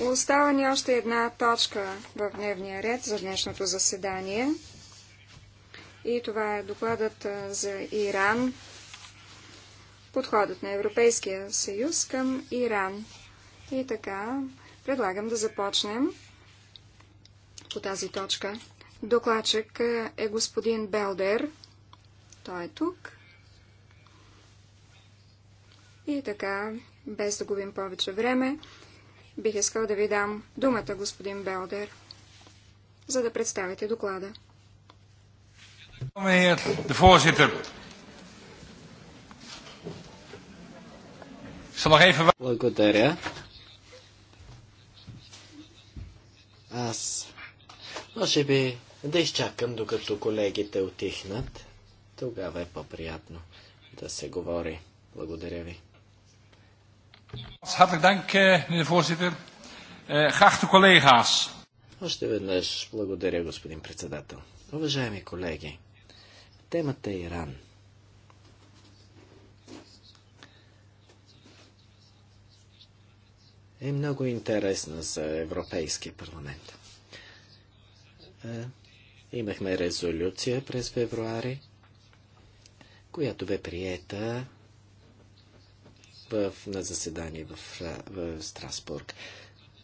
Остава ни още една точка в дневния ред за днешното заседание. И това е докладът за Иран. Подходът на Европейския съюз към Иран. И така, предлагам да започнем по тази точка. Докладчик е господин Белдер. Той е тук. И така, без да губим повече време, бих искал да ви дам думата, господин Белдер, за да представите доклада. Благодаря. Аз може би да изчакам, докато колегите отихнат. Тогава е по-приятно да се говори. Благодаря ви. Hartelijk dank, eh, meneer voorzitter. Eh, collega's. Още веднъж благодаря, господин председател. Уважаеми колеги, темата е Иран. Е много интересна за Европейския парламент. Е, имахме резолюция през февруари, която бе приета в, на заседание в, в Страсбург.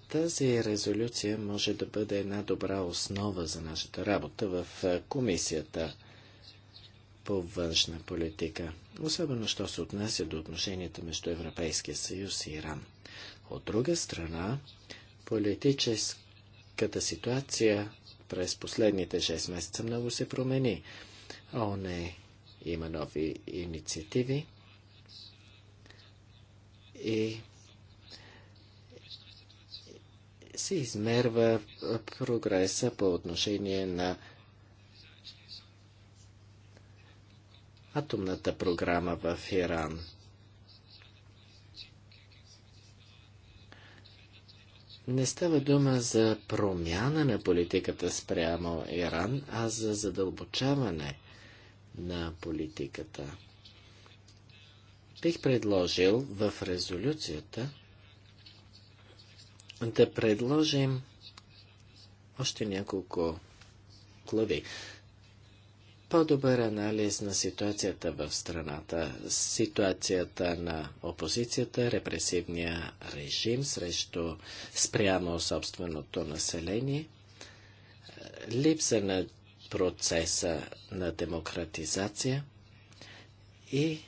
Тази резолюция може да бъде една добра основа за нашата работа в комисията по външна политика, особено що се отнася до отношенията между Европейския съюз и Иран. От друга страна, политическата ситуация през последните 6 месеца много се промени. ОНЕ има нови инициативи, и се измерва прогреса по отношение на атомната програма в Иран. Не става дума за промяна на политиката спрямо Иран, а за задълбочаване на политиката. Бих предложил в резолюцията да предложим още няколко глави. По-добър анализ на ситуацията в страната, ситуацията на опозицията, репресивния режим срещу спрямо собственото население, липса на процеса на демократизация и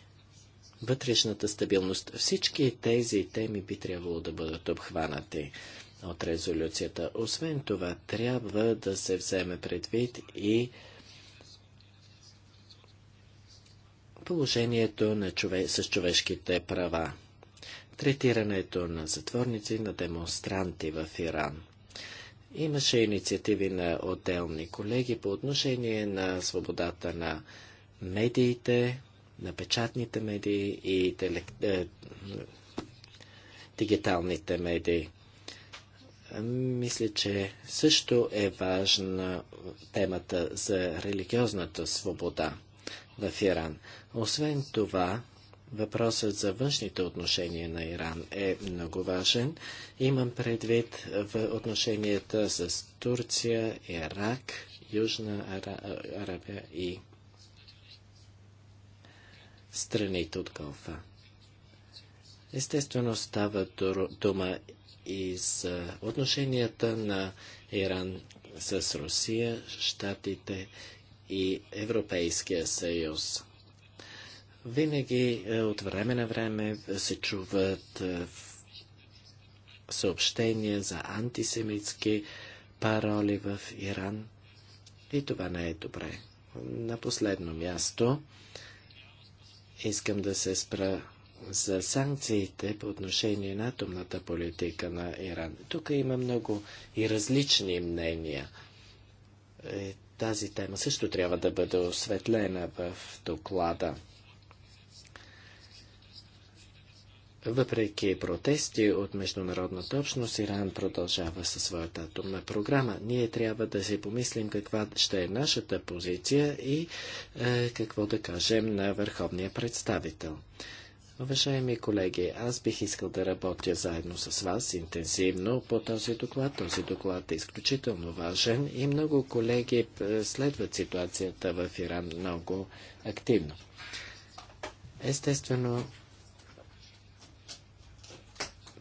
вътрешната стабилност. Всички тези теми би трябвало да бъдат обхванати от резолюцията. Освен това, трябва да се вземе предвид и положението на чове... с човешките права. Третирането на затворници, на демонстранти в Иран. Имаше инициативи на отделни колеги по отношение на свободата на медиите, на печатните медии и телек... е, дигиталните медии. Мисля, че също е важна темата за религиозната свобода в Иран. Освен това, въпросът за външните отношения на Иран е много важен. Имам предвид в отношенията с Турция, Ирак, Южна Арабия и страните от Голфа. Естествено става дума и за отношенията на Иран с Русия, Штатите и Европейския съюз. Винаги е, от време на време се чуват е, съобщения за антисемитски пароли в Иран и това не е добре. На последно място искам да се спра за санкциите по отношение на атомната политика на Иран. Тук има много и различни мнения. Е, тази тема също трябва да бъде осветлена в доклада. Въпреки протести от международната общност, Иран продължава със своята атомна програма. Ние трябва да си помислим каква ще е нашата позиция и е, какво да кажем на върховния представител. Уважаеми колеги, аз бих искал да работя заедно с вас интензивно по този доклад. Този доклад е изключително важен и много колеги е, следват ситуацията в Иран много активно. Естествено,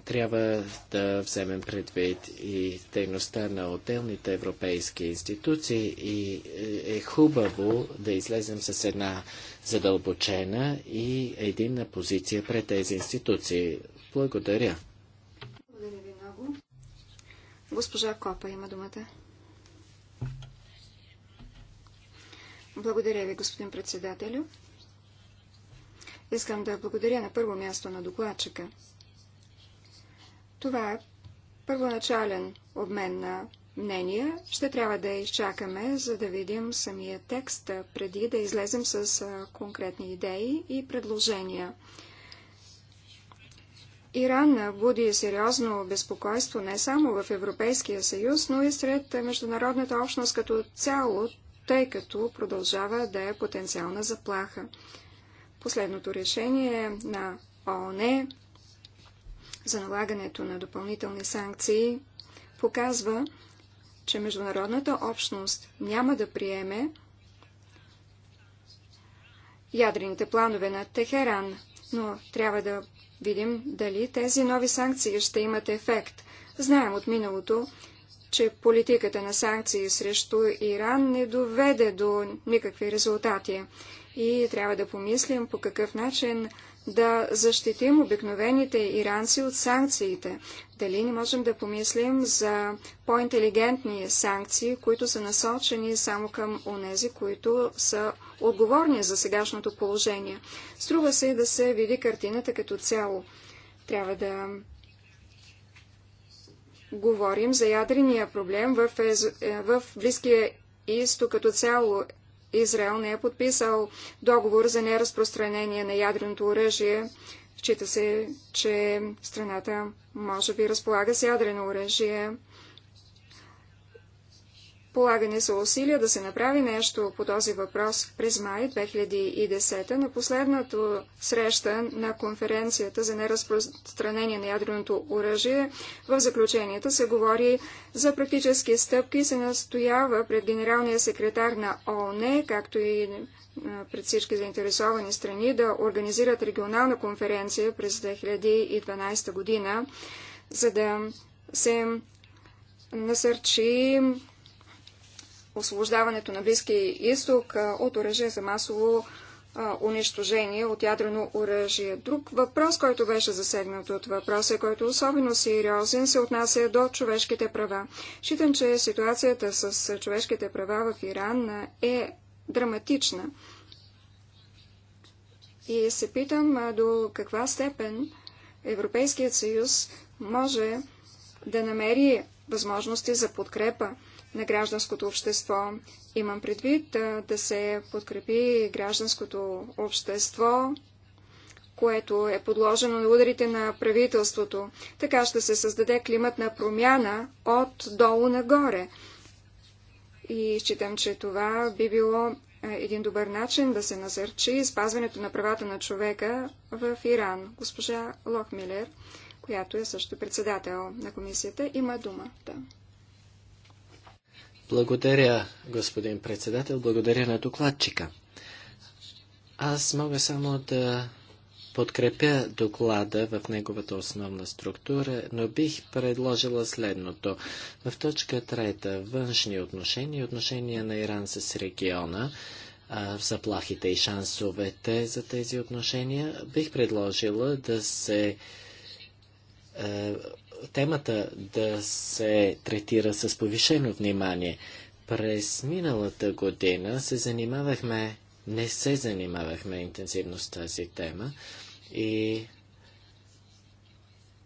трябва да вземем предвид и дейността на отделните европейски институции и е, е хубаво да излезем с една задълбочена и единна позиция пред тези институции. Благодаря. Благодаря ви много. Госпожа Копа има думата. Благодаря ви, господин председателю. Искам да благодаря на първо място на докладчика. Това е първоначален обмен на мнения. Ще трябва да изчакаме, за да видим самия текст, преди да излезем с конкретни идеи и предложения. Иран буди сериозно безпокойство не само в Европейския съюз, но и сред международната общност като цяло, тъй като продължава да е потенциална заплаха. Последното решение е на ООН за налагането на допълнителни санкции показва, че международната общност няма да приеме ядрените планове на Техеран, но трябва да видим дали тези нови санкции ще имат ефект. Знаем от миналото, че политиката на санкции срещу Иран не доведе до никакви резултати. И трябва да помислим по какъв начин да защитим обикновените иранци от санкциите? Дали не можем да помислим за по-интелигентни санкции, които са насочени само към онези, които са отговорни за сегашното положение? Струва се и да се види картината като цяло. Трябва да говорим за ядрения проблем в, е, в Близкия изток като цяло Израел не е подписал договор за неразпространение на ядреното оръжие. Счита се, че страната може би разполага с ядрено оръжие. Полагани са усилия да се направи нещо по този въпрос през май 2010 на последната среща на конференцията за неразпространение на ядреното оръжие. В заключенията се говори за практически стъпки и се настоява пред генералния секретар на ООН, както и пред всички заинтересовани страни, да организират регионална конференция през 2012 година, за да се насърчи освобождаването на Близкия изток от оръжие за масово унищожение от ядрено оръжие. Друг въпрос, който беше засегнат от въпроса, който е особено сериозен, се отнася до човешките права. Считам, че ситуацията с човешките права в Иран е драматична. И се питам до каква степен Европейският съюз може да намери възможности за подкрепа на гражданското общество. Имам предвид да, да се подкрепи гражданското общество, което е подложено на ударите на правителството. Така ще се създаде климат на промяна от долу нагоре. И считам, че това би било един добър начин да се насърчи спазването на правата на човека в Иран. Госпожа Лохмилер, която е също председател на комисията, има думата. Да. Благодаря, господин председател. Благодаря на докладчика. Аз мога само да подкрепя доклада в неговата основна структура, но бих предложила следното. В точка трета външни отношения и отношения на Иран с региона, в заплахите и шансовете за тези отношения, бих предложила да се темата да се третира с повишено внимание. През миналата година се занимавахме, не се занимавахме интензивно с тази тема и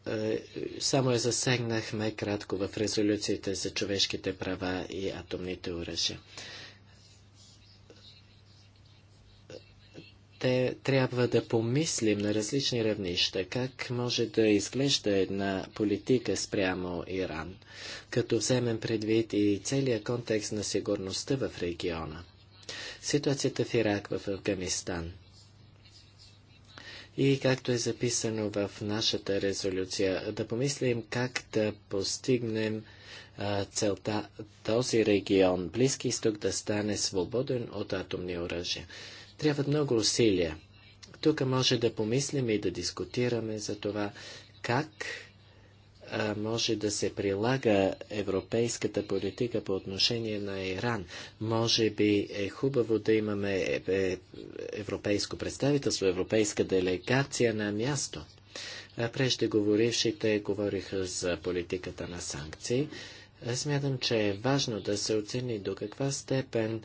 е, само я засегнахме кратко в резолюциите за човешките права и атомните оръжия. те трябва да помислим на различни равнища как може да изглежда една политика спрямо Иран, като вземем предвид и целият контекст на сигурността в региона. Ситуацията в Ирак, в Афганистан. И както е записано в нашата резолюция, да помислим как да постигнем а, целта този регион, Близки изток, да стане свободен от атомни оръжия. Трябват много усилия. Тук може да помислим и да дискутираме за това как а, може да се прилага европейската политика по отношение на Иран. Може би е хубаво да имаме е, е, европейско представителство, европейска делегация на място. Преждеговорившите говориха за политиката на санкции. Смятам, че е важно да се оцени до каква степен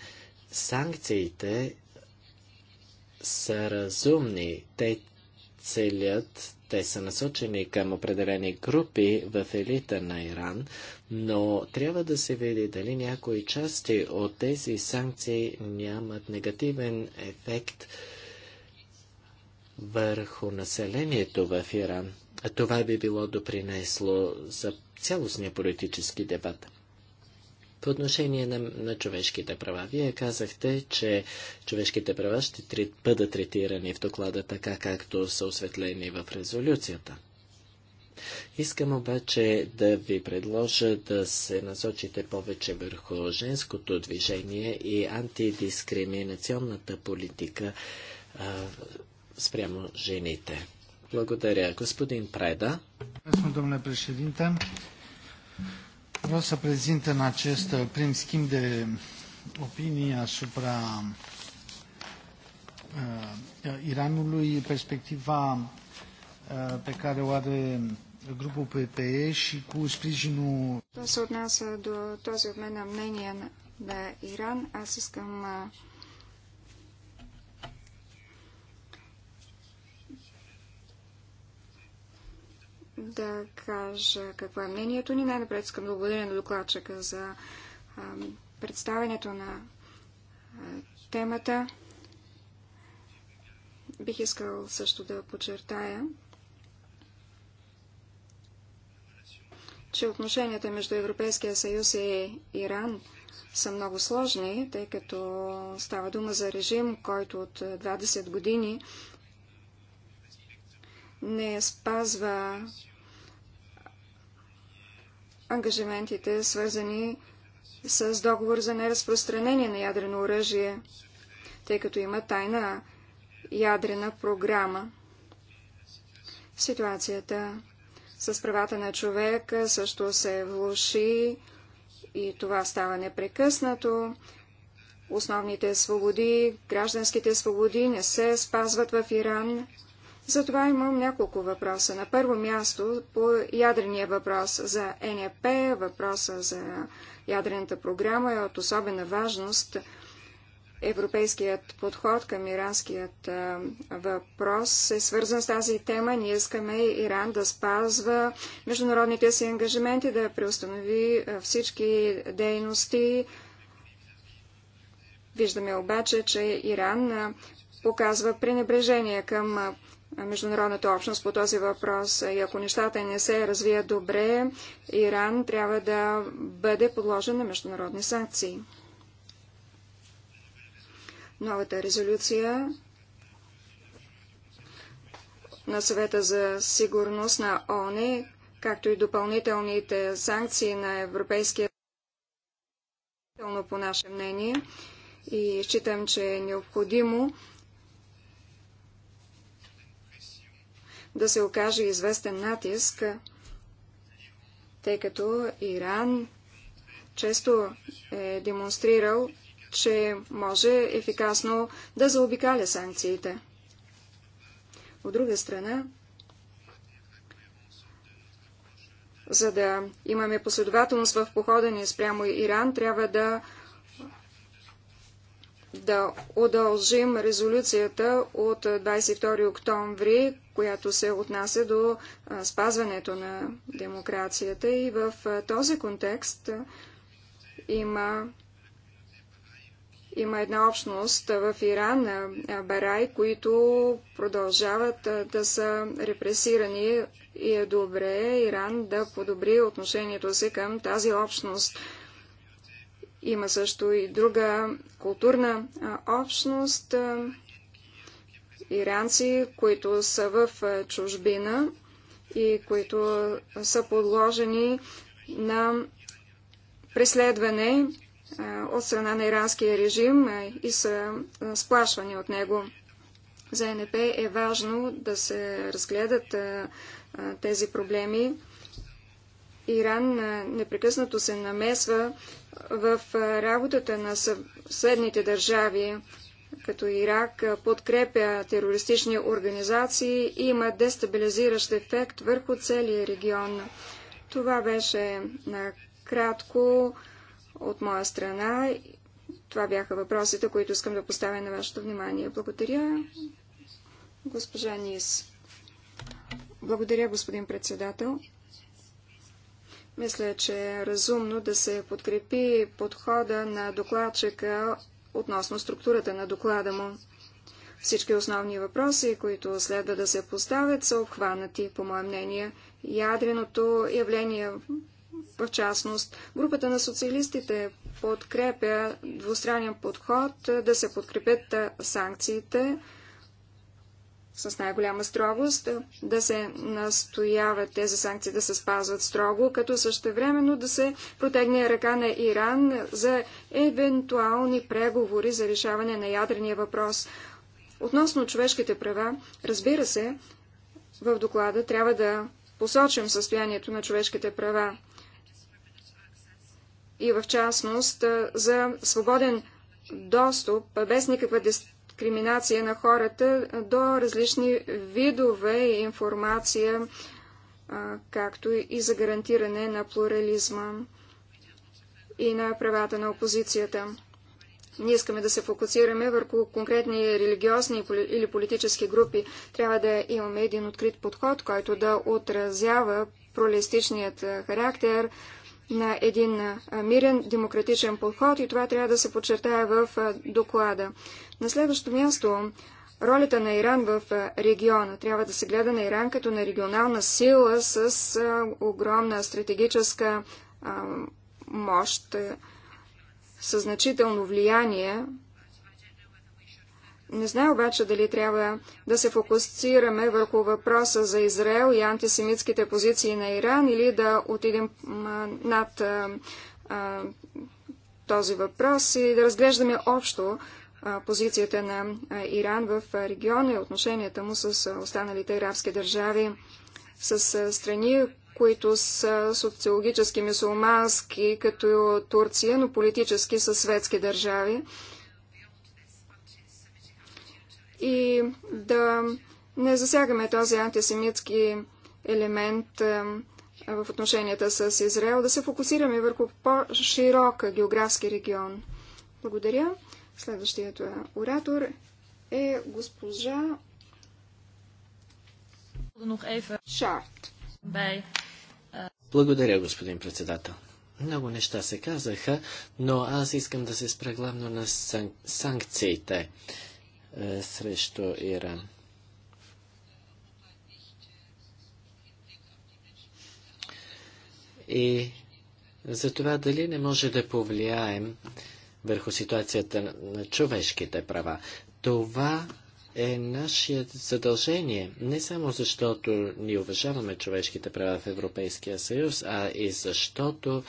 санкциите са разумни. Те целят, те са насочени към определени групи в елита на Иран, но трябва да се види дали някои части от тези санкции нямат негативен ефект върху населението в Иран. Това би било допринесло за цялостния политически дебат. По отношение на, на човешките права, вие казахте, че човешките права ще бъдат третирани в доклада така, както са осветлени в резолюцията. Искам обаче да ви предложа да се насочите повече върху женското движение и антидискриминационната политика а, спрямо жените. Благодаря. Господин Прайда. Vreau să prezint în acest prim schimb de opinii asupra uh, Iranului perspectiva uh, pe care o are grupul PPE și cu sprijinul... Що се отнася de този обмен на мнение на Иран, uh, да кажа какво е мнението ни. Най-напред искам да благодаря на докладчика за представенето на темата. Бих искал също да подчертая, че отношенията между Европейския съюз и Иран са много сложни, тъй като става дума за режим, който от 20 години не спазва ангажиментите, свързани с договор за неразпространение на ядрено оръжие, тъй като има тайна ядрена програма. Ситуацията с правата на човека също се влуши и това става непрекъснато. Основните свободи, гражданските свободи не се спазват в Иран. Затова имам няколко въпроса. На първо място по ядрения въпрос за НЕП, въпроса за ядрената програма е от особена важност. Европейският подход към иранският а, въпрос е свързан с тази тема. Ние искаме Иран да спазва международните си ангажименти, да преустанови всички дейности. Виждаме обаче, че Иран а, показва пренебрежение към международната общност по този въпрос. И ако нещата не се развият добре, Иран трябва да бъде подложен на международни санкции. Новата резолюция на съвета за сигурност на ОНЕ, както и допълнителните санкции на Европейския по наше мнение и считам, че е необходимо да се окаже известен натиск, тъй като Иран често е демонстрирал, че може ефикасно да заобикаля санкциите. От друга страна, за да имаме последователност в похода ни спрямо Иран, трябва да да удължим резолюцията от 22 октомври, която се отнася до спазването на демокрацията. И в този контекст има, има една общност в Иран, Барай, които продължават да са репресирани и е добре Иран да подобри отношението си към тази общност. Има също и друга културна общност, иранци, които са в чужбина и които са подложени на преследване от страна на иранския режим и са сплашвани от него. За НП е важно да се разгледат тези проблеми Иран непрекъснато се намесва в работата на съседните държави, като Ирак подкрепя терористични организации и има дестабилизиращ ефект върху целия регион. Това беше накратко от моя страна. Това бяха въпросите, които искам да поставя на вашето внимание. Благодаря, госпожа Нис. Благодаря, господин председател. Мисля, че е разумно да се подкрепи подхода на докладчика относно структурата на доклада му. Всички основни въпроси, които следва да се поставят, са обхванати, по мое мнение. Ядреното явление в частност. Групата на социалистите подкрепя двустранен подход да се подкрепят санкциите, с най-голяма строгост, да се настояват тези санкции да се спазват строго, като същевременно да се протегне ръка на Иран за евентуални преговори за решаване на ядрения въпрос. Относно човешките права, разбира се, в доклада трябва да посочим състоянието на човешките права и в частност за свободен достъп без никаква дистанция дискриминация на хората до различни видове информация, както и за гарантиране на плурализма и на правата на опозицията. Ние искаме да се фокусираме върху конкретни религиозни или политически групи. Трябва да имаме един открит подход, който да отразява пролистичният характер, на един мирен демократичен подход и това трябва да се подчертая в доклада. На следващо място, ролята на Иран в региона. Трябва да се гледа на Иран като на регионална сила с огромна стратегическа мощ, със значително влияние не знае обаче дали трябва да се фокусираме върху въпроса за Израел и антисемитските позиции на Иран или да отидем над а, а, този въпрос и да разглеждаме общо а, позицията на Иран в региона и отношенията му с останалите арабски държави, с страни, които са социологически мусулмански, като Турция, но политически са светски държави и да не засягаме този антисемитски елемент е, в отношенията с Израел, да се фокусираме върху по-широк географски регион. Благодаря. Следващият е, оратор е госпожа Шарт. Благодаря, господин председател. Много неща се казаха, но аз искам да се спра главно на сан- санкциите. Е, срещу Иран. И за това дали не може да повлияем върху ситуацията на човешките права. Това е наше задължение, не само защото ни уважаваме човешките права в Европейския съюз, а и защото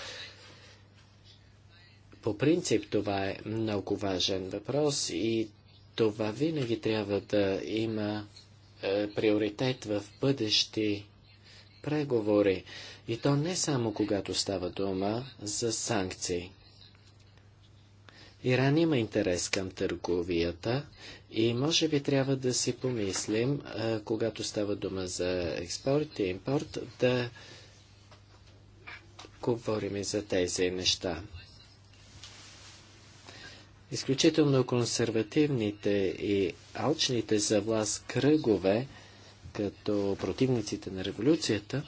по принцип това е много важен въпрос и това винаги трябва да има е, приоритет в бъдещи преговори. И то не само когато става дума за санкции. Иран има интерес към търговията и може би трябва да си помислим, е, когато става дума за експорт и импорт, да говорим и за тези неща. Изключително консервативните и алчните за власт кръгове, като противниците на революцията,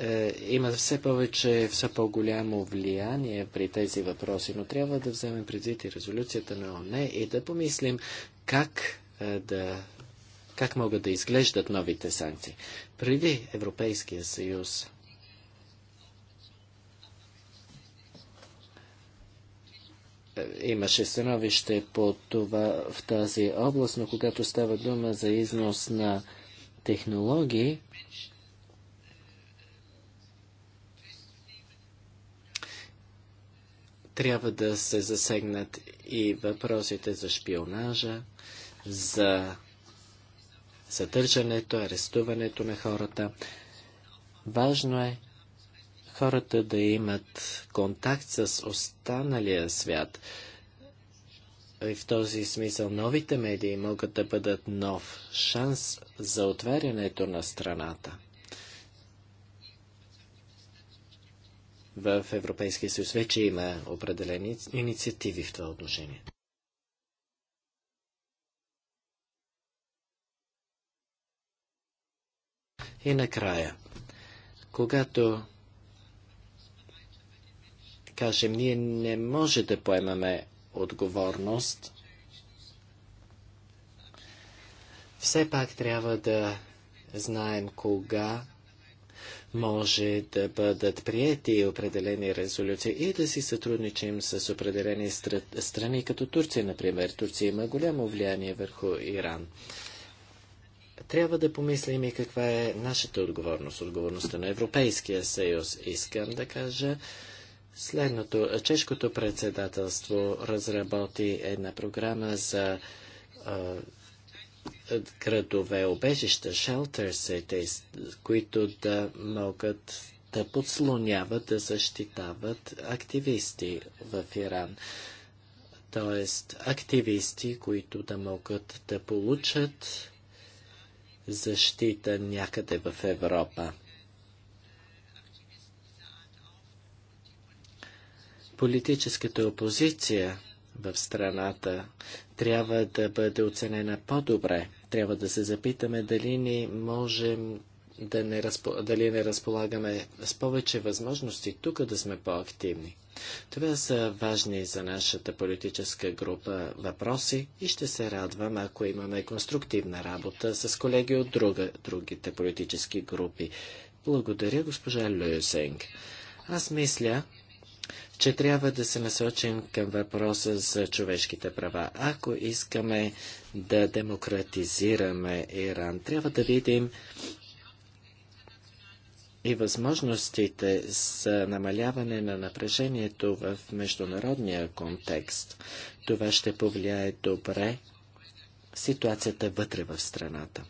е, има все повече, все по-голямо влияние при тези въпроси, но трябва да вземем предвид и резолюцията на ОНЕ и да помислим как е, да как могат да изглеждат новите санкции. Преди Европейския съюз Е, имаше становище по това в тази област, но когато става дума за износ на технологии, трябва да се засегнат и въпросите за шпионажа, за задържането, арестуването на хората. Важно е хората да имат контакт с останалия свят. И в този смисъл новите медии могат да бъдат нов шанс за отварянето на страната. В Европейския съюз вече има определени инициативи в това отношение. И накрая, когато кажем, ние не може да поемаме отговорност. Все пак трябва да знаем кога може да бъдат приети определени резолюции и да си сътрудничим с определени страни, като Турция, например. Турция има голямо влияние върху Иран. Трябва да помислим и каква е нашата отговорност, отговорността на Европейския съюз. Искам да кажа, Следното, чешкото председателство разработи една програма за градове, обежища, шелтерсите, които да могат да подслоняват, да защитават активисти в Иран. Тоест, активисти, които да могат да получат защита някъде в Европа. Политическата опозиция в страната трябва да бъде оценена по-добре. Трябва да се запитаме дали ни можем да не, разпо... дали не разполагаме с повече възможности тук да сме по-активни. Това са важни за нашата политическа група въпроси и ще се радвам, ако имаме конструктивна работа с колеги от друга, другите политически групи. Благодаря, госпожа Люсенг. Аз мисля, че трябва да се насочим към въпроса за човешките права. Ако искаме да демократизираме Иран, трябва да видим и възможностите за намаляване на напрежението в международния контекст. Това ще повлияе добре ситуацията вътре в страната.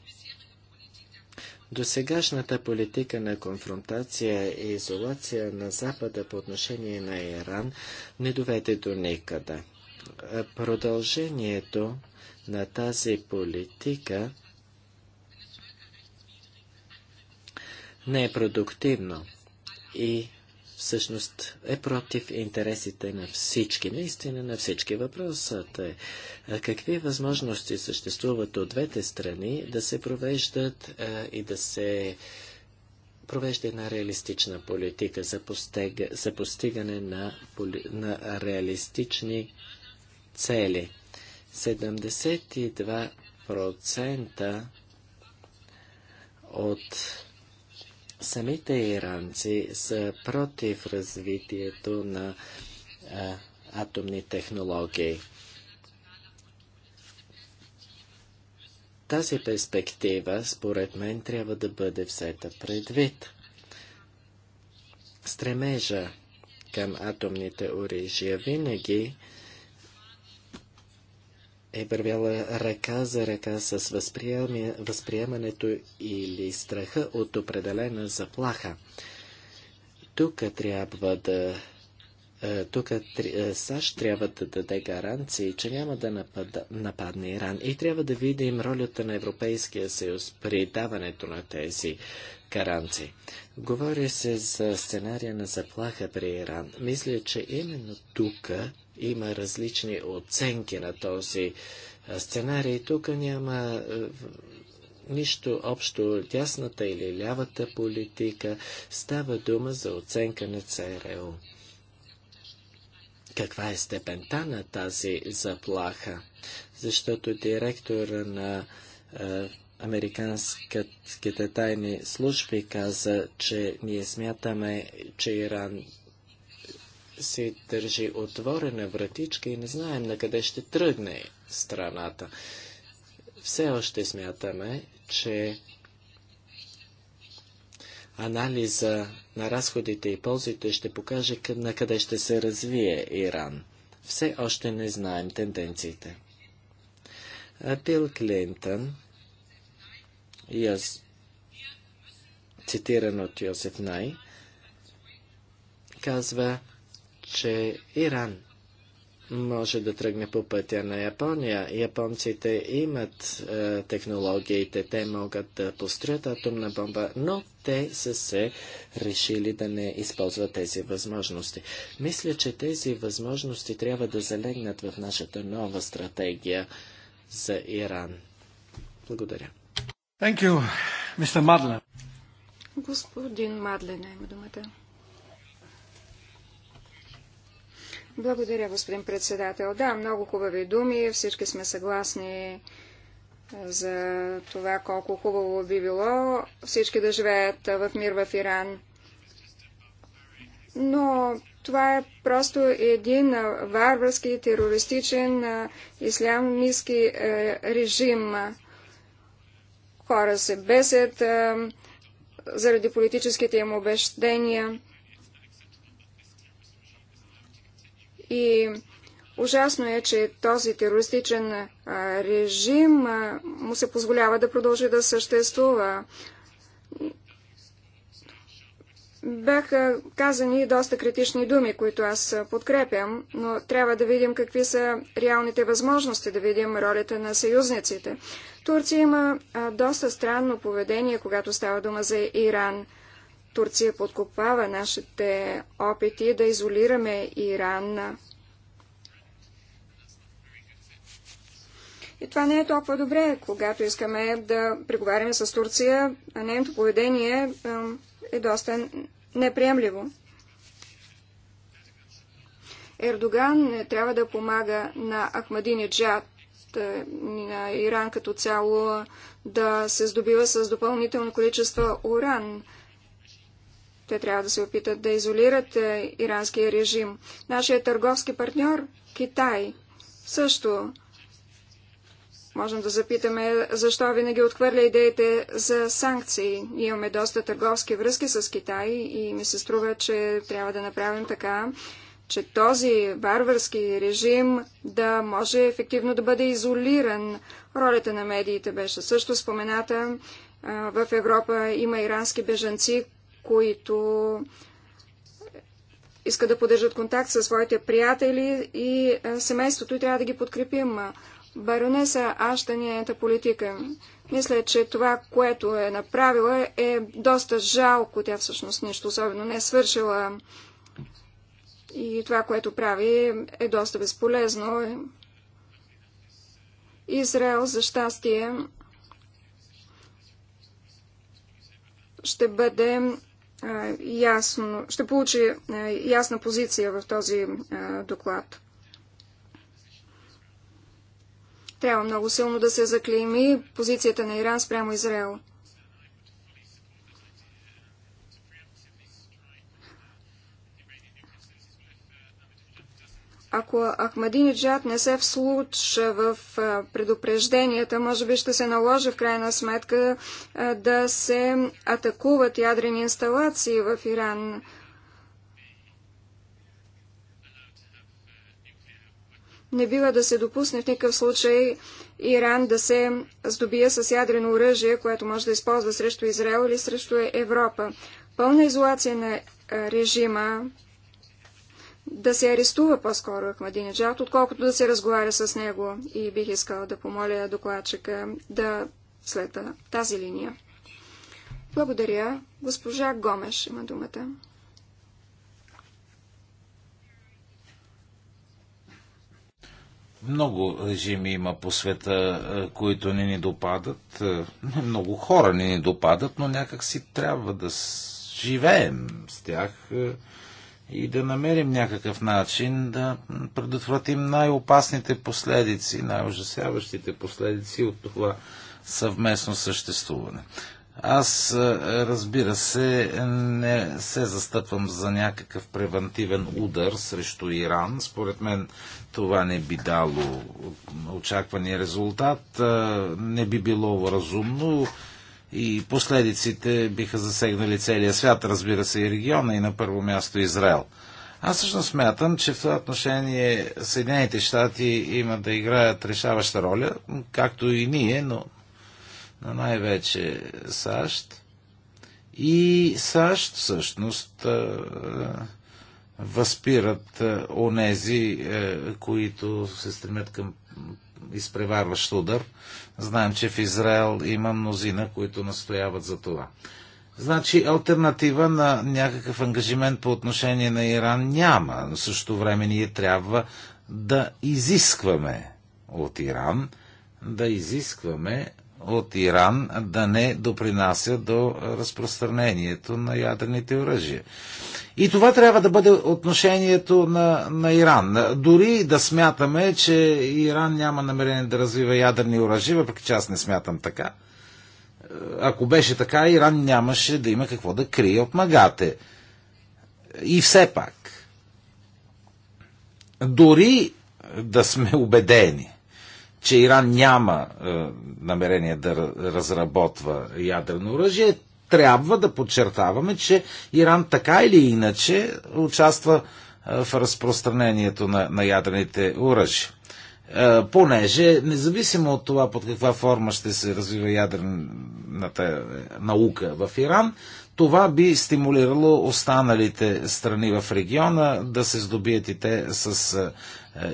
До сегашната политика на конфронтация и изолация на Запада по отношение на Иран не доведе до никъде. Продължението на тази политика не е продуктивно и всъщност е против интересите на всички, наистина на всички. Въпросът е какви възможности съществуват от двете страни да се провеждат а, и да се провежда една реалистична политика за, постег... за постигане на, на реалистични цели. 72% от самите иранци са против развитието на а, атомни технологии. Тази перспектива, според мен, трябва да бъде всета предвид. Стремежа към атомните оръжия винаги е вървяла ръка за ръка с възприемането или страха от определена заплаха. Тук трябва да е, тук е, САЩ трябва да даде гаранции, че няма да напада, нападне Иран. И трябва да видим ролята на Европейския съюз при даването на тези гаранции. Говори се за сценария на заплаха при Иран. Мисля, че именно тук има различни оценки на този сценарий. Тук няма нищо общо дясната или лявата политика. Става дума за оценка на ЦРУ. Каква е степента на тази заплаха? Защото директора на американските тайни служби каза, че ние смятаме, че Иран се държи отворена вратичка и не знаем на къде ще тръгне страната. Все още смятаме, че анализа на разходите и ползите ще покаже на къде ще се развие Иран. Все още не знаем тенденциите. А Бил Клинтън, цитиран от Йосеф Най, казва, че Иран може да тръгне по пътя на Япония. Японците имат е, технологиите, те могат да построят атомна бомба, но те са се решили да не използват тези възможности. Мисля, че тези възможности трябва да залегнат в нашата нова стратегия за Иран. Благодаря. Thank you, Mr. Madlen. Господин Мадлен, има думата. Благодаря, господин председател. Да, много хубави думи. Всички сме съгласни за това колко хубаво би било всички да живеят в мир в Иран. Но това е просто един варварски, терористичен, ислямистски режим. Хора се бесят заради политическите им обещения. И ужасно е, че този терористичен режим му се позволява да продължи да съществува. Бяха казани доста критични думи, които аз подкрепям, но трябва да видим какви са реалните възможности, да видим ролята на съюзниците. Турция има доста странно поведение, когато става дума за Иран. Турция подкопава нашите опити да изолираме Иран. И това не е толкова добре, когато искаме да преговаряме с Турция, а нейното поведение е доста неприемливо. Ердоган не трябва да помага на Ахмадинеджад, е, на Иран като цяло, да се здобива с допълнително количество уран – те трябва да се опитат да изолират е, иранския режим. Нашия търговски партньор Китай също Можем да запитаме защо винаги отхвърля идеите за санкции. Ние имаме доста търговски връзки с Китай и ми се струва, че трябва да направим така, че този варварски режим да може ефективно да бъде изолиран. Ролята на медиите беше също спомената. В Европа има ирански бежанци, които искат да поддържат контакт със своите приятели и семейството и трябва да ги подкрепим. Баронеса Ашта нейната политика. Мисля, че това, което е направила, е доста жалко. Тя всъщност нищо особено не е свършила. И това, което прави, е доста безполезно. Израел, за щастие, ще бъде ясно, ще получи ясна позиция в този доклад. Трябва много силно да се заклейми позицията на Иран спрямо Израел. Ако Джад не се вслуча в предупрежденията, може би ще се наложи в крайна сметка да се атакуват ядрени инсталации в Иран. Не бива да се допусне в никакъв случай Иран да се здобие с ядрено оръжие, което може да използва срещу Израел или срещу Европа. Пълна изолация на режима да се арестува по-скоро Ахмадинаджад, отколкото да се разговаря с него. И бих искала да помоля докладчика да следва тази линия. Благодаря. Госпожа Гомеш има думата. Много режими има по света, е, които не ни допадат. Е, много хора не ни допадат, но някак си трябва да живеем с тях е, и да намерим някакъв начин да предотвратим най-опасните последици, най-ужасяващите последици от това съвместно съществуване. Аз, е, разбира се, не се застъпвам за някакъв превентивен удар срещу Иран. Според мен това не би дало очаквания резултат, е, не би било разумно и последиците биха засегнали целия свят, разбира се, и региона, и на първо място Израел. Аз всъщност смятам, че в това отношение Съединените щати имат да играят решаваща роля, както и ние, но, но най-вече САЩ. И САЩ всъщност възпират онези, които се стремят към изпреварващ удар. Знаем, че в Израел има мнозина, които настояват за това. Значи альтернатива на някакъв ангажимент по отношение на Иран няма. Но също време ние трябва да изискваме от Иран, да изискваме от Иран да не допринася до разпространението на ядрените оръжия. И това трябва да бъде отношението на, на Иран. Дори да смятаме, че Иран няма намерение да развива ядерни оръжия, въпреки че аз не смятам така. Ако беше така, Иран нямаше да има какво да крие от магате. И все пак, дори да сме убедени – че Иран няма е, намерение да разработва ядрено оръжие, трябва да подчертаваме, че Иран така или иначе участва е, в разпространението на, на ядрените оръжия. Е, понеже, независимо от това под каква форма ще се развива ядрената е, наука в Иран, е, това би стимулирало останалите страни в региона да се здобият и те с е,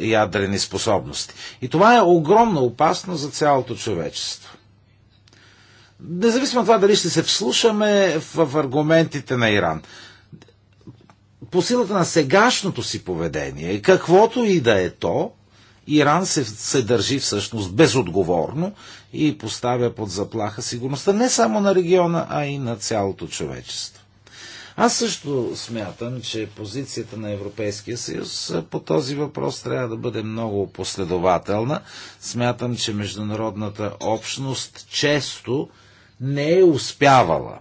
е, ядрени способности. И това е огромна опасност за цялото човечество. Независимо от това дали ще се вслушаме в аргументите на Иран по силата на сегашното си поведение, каквото и да е то, Иран се, се държи всъщност безотговорно и поставя под заплаха сигурността не само на региона, а и на цялото човечество. Аз също смятам, че позицията на Европейския съюз по този въпрос трябва да бъде много последователна. Смятам, че международната общност често не е успявала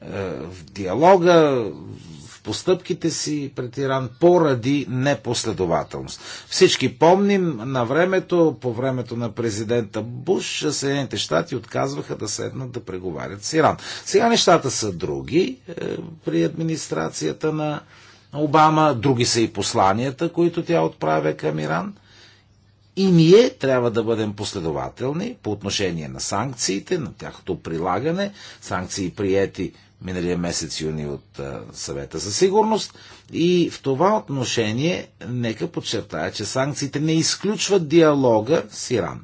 е, в диалога, постъпките си пред Иран поради непоследователност. Всички помним на времето, по времето на президента Буш, Съединените щати отказваха да седнат да преговарят с Иран. Сега нещата са други е, при администрацията на Обама, други са и посланията, които тя отправя към Иран. И ние трябва да бъдем последователни по отношение на санкциите, на тяхното прилагане, санкции приети миналия месец юни от съвета за сигурност. И в това отношение, нека подчертая, че санкциите не изключват диалога с Иран.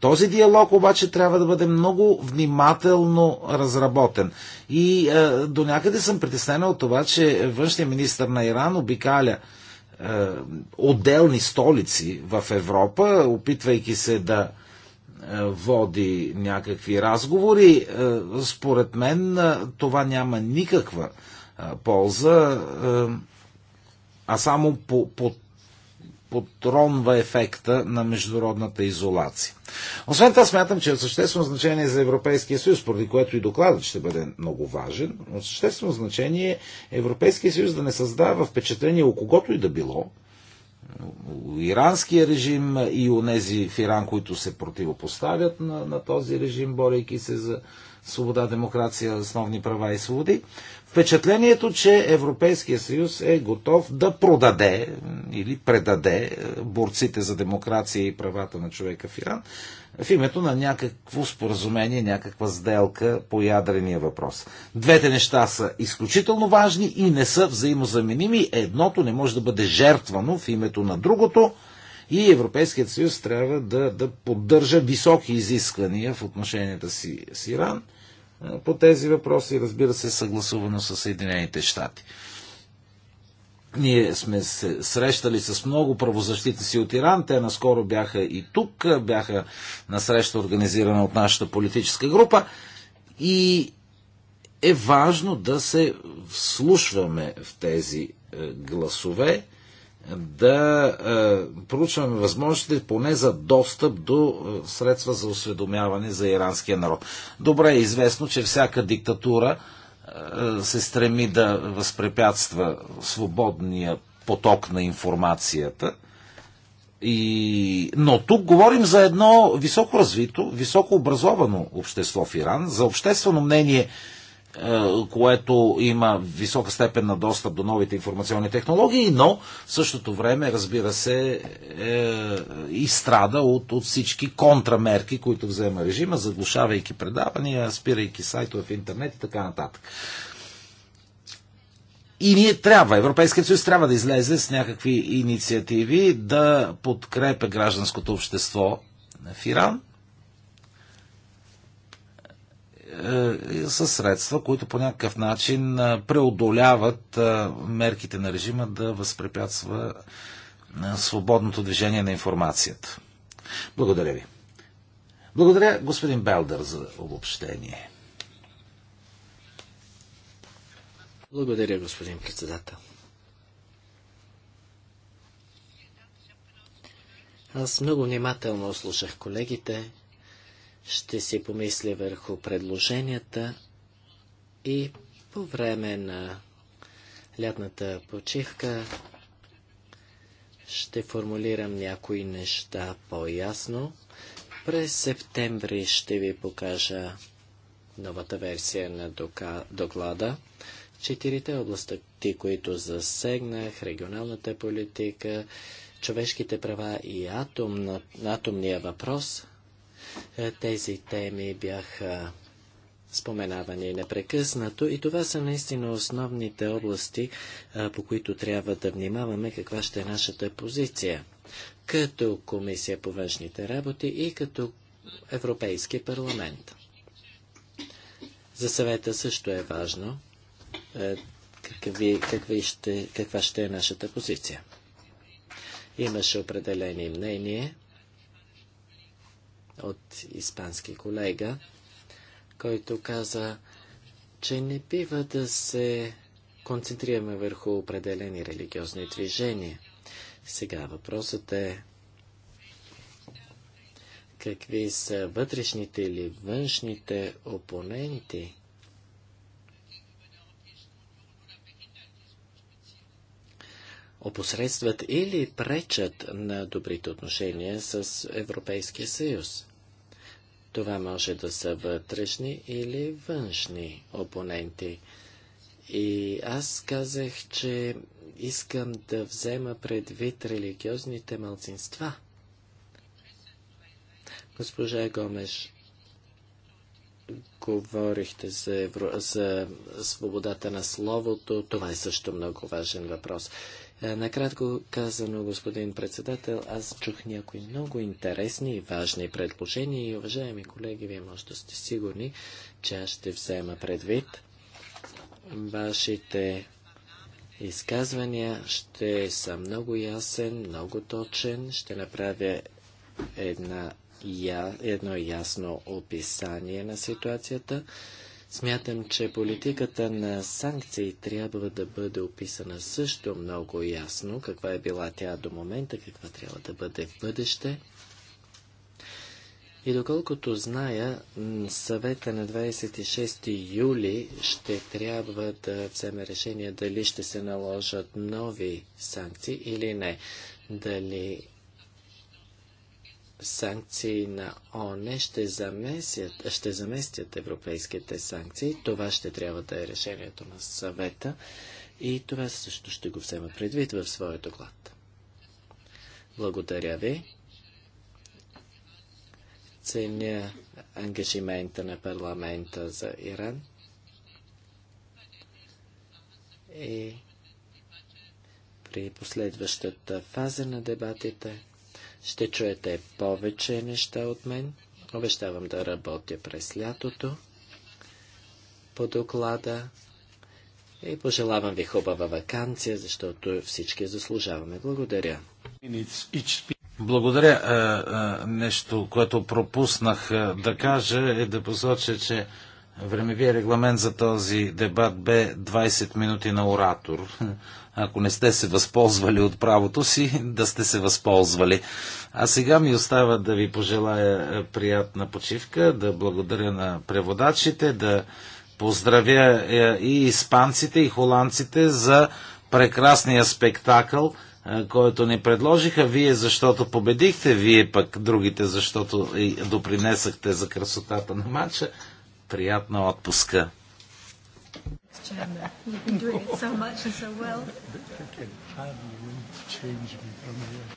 Този диалог обаче трябва да бъде много внимателно разработен. И е, до някъде съм притеснена от това, че външният министр на Иран обикаля е, отделни столици в Европа, опитвайки се да е, води някакви разговори. Е, според мен е, това няма никаква полза, а само по, по потронва ефекта на международната изолация. Освен това смятам, че е съществено значение за Европейския съюз, поради което и докладът ще бъде много важен, но съществено значение е Европейския съюз да не създава впечатление о когото и да било, иранския режим и онези в Иран, които се противопоставят на, на този режим, борейки се за свобода, демокрация, основни права и свободи. Впечатлението, че Европейския съюз е готов да продаде или предаде борците за демокрация и правата на човека в Иран в името на някакво споразумение, някаква сделка по ядрения въпрос. Двете неща са изключително важни и не са взаимозаменими. Едното не може да бъде жертвано в името на другото и Европейският съюз трябва да, да поддържа високи изисквания в отношенията си с Иран по тези въпроси, разбира се, съгласувано с Съединените щати. Ние сме се срещали с много правозащитници от Иран. Те наскоро бяха и тук, бяха на среща организирана от нашата политическа група. И е важно да се вслушваме в тези е, гласове, да е, проучваме възможностите поне за достъп до е, средства за осведомяване за иранския народ. Добре е известно, че всяка диктатура е, се стреми да възпрепятства свободния поток на информацията. И... Но тук говорим за едно високо развито, високо образовано общество в Иран, за обществено мнение, е, което има висока степен на достъп до новите информационни технологии, но в същото време, разбира се, е, и страда от, от всички контрамерки, които взема режима, заглушавайки предавания, спирайки сайтове в интернет и така нататък. И ние трябва, Европейският съюз трябва да излезе с някакви инициативи да подкрепя гражданското общество в Иран – е, е, Със средства, които по някакъв начин е, преодоляват мерките на режима да възпрепятства свободното движение на информацията. Благодаря ви. Благодаря господин Белдър за обобщение. Благодаря, господин председател. Аз много внимателно слушах колегите, ще си помисля върху предложенията и по време на лятната почивка ще формулирам някои неща по-ясно. През септември ще ви покажа новата версия на доклада. Четирите области, които засегнах, регионалната политика, човешките права и атомна, атомния въпрос, е, тези теми бяха споменавани непрекъснато и това са наистина основните области, е, по които трябва да внимаваме каква ще е нашата позиция като Комисия по външните работи и като Европейски парламент. За съвета също е важно е, какви, какви ще, каква ще е нашата позиция. Имаше определени мнение от испански колега, който каза, че не бива да се концентрираме върху определени религиозни движения. Сега въпросът е какви са вътрешните или външните опоненти. опосредстват или пречат на добрите отношения с Европейския съюз. Това може да са вътрешни или външни опоненти. И аз казах, че искам да взема предвид религиозните малцинства. Госпожа Гомеш, говорихте за, евро... за свободата на словото. Това е също много важен въпрос. Е, накратко казано, господин председател, аз чух някои много интересни и важни предложения и, уважаеми колеги, вие може да сте сигурни, че аз ще взема предвид вашите изказвания. Ще съм много ясен, много точен, ще направя една, я, едно ясно описание на ситуацията. Смятам, че политиката на санкции трябва да бъде описана също много ясно, каква е била тя до момента, каква трябва да бъде в бъдеще. И доколкото зная, съвета на 26 юли ще трябва да вземе решение дали ще се наложат нови санкции или не. Дали санкции на ОНЕ ще заместят, ще заместят европейските санкции. Това ще трябва да е решението на съвета и това също ще го взема предвид в своя доклад. Благодаря ви. Ценя ангажимента на парламента за Иран. И при последващата фаза на дебатите ще чуете повече неща от мен. Обещавам да работя през лятото по доклада. И пожелавам ви хубава вакансия, защото всички заслужаваме. Благодаря. Благодаря. Е, е, нещо, което пропуснах е, да кажа е да посоча, че Времевия регламент за този дебат бе 20 минути на оратор. Ако не сте се възползвали от правото си, да сте се възползвали. А сега ми остава да ви пожелая е, приятна почивка, да благодаря на преводачите, да поздравя е, и испанците, и холандците за прекрасния спектакъл, е, който ни предложиха. Вие защото победихте, вие пък другите защото допринесахте за красотата на матча. Приятна отпуска! Chairman. You've been doing it so much and so well. I have a room to change me from here.